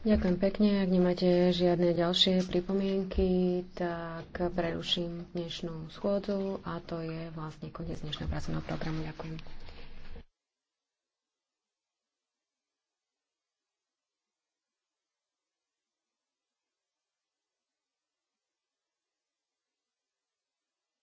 Ďakujem pekne. Ak nemáte žiadne ďalšie pripomienky, tak preruším dnešnú schôdzu a to je vlastne koniec dnešného pracovného programu. Ďakujem.